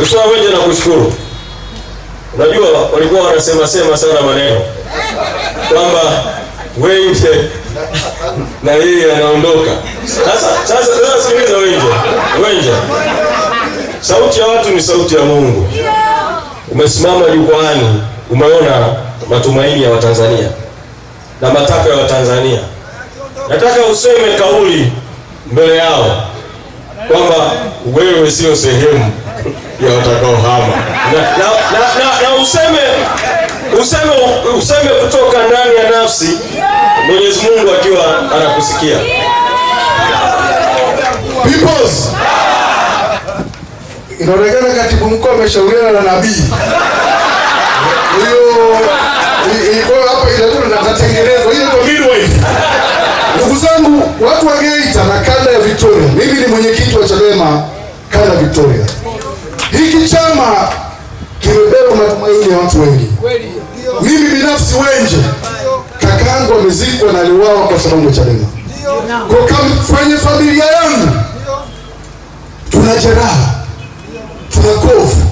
Mheshimiwa na nakushukuru. Unajua walikuwa wanasema sema sana maneno kwamba wenje na yeye anaondoka. Sasa sasa sasa, sikiliza Mwenje, Mwenje, sauti ya watu ni sauti ya Mungu. Umesimama jukwaani, umeona matumaini ya Watanzania na matakwa ya Watanzania. Nataka useme kauli mbele yao kwamba wewe sio sehemu ya watakaohama na, na, na, na, useme, useme, useme kutoka ndani ya nafsi, Mwenyezi Mungu akiwa anakusikia. Peoples, inaonekana katibu mkuu ameshauriana na nabii huyo Ndugu zangu watu wageita na kanda ya Victoria, mimi ni mwenyekiti wa Chadema kanda Victoria. Hiki chama kimebeba matumaini ya watu wengi. Mimi binafsi Wenje kakaangu amezikwa na aliuawa kwa sababu ya Chadema. Kwa kama kwenye familia yangu tuna jeraha, tuna kovu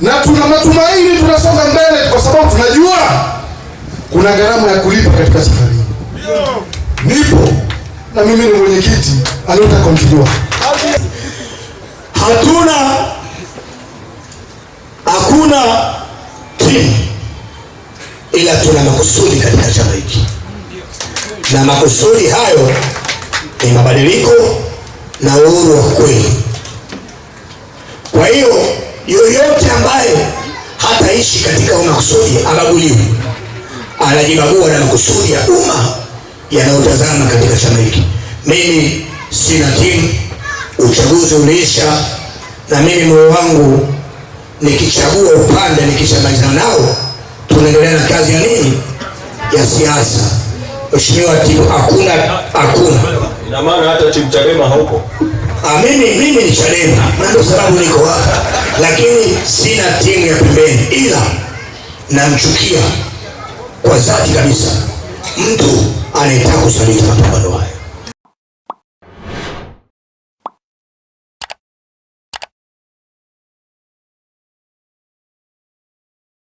na tuna matumaini, tunasonga mbele kwa sababu tunajua kuna gharama ya kulipa katika safari hii. Nipo na mimi ni mwenyekiti aliyotaka Hatuna hatuna kiu, ila tuna makusudi katika chama hiki, na makusudi hayo ni mabadiliko na uhuru wa kweli. Kwa hiyo yoyote ambaye hataishi katika makusudi abaguliwe anajibagua na makusudi ya umma yanayotazama katika chama hiki. Mimi sina timu, uchaguzi uliisha, na mimi moyo wangu nikichagua upande, nikishamaliza nao tunaendelea na kazi ya nini ya siasa. Mheshimiwa Tibu, hakuna hakuna, ina maana hata timu Chadema haupo. Ah, mimi mimi ni Chadema na ndio sababu niko hapa, lakini sina timu ya pembeni, ila namchukia kwa dhati kabisa mtu anayetaka kusaliti mapambano haya.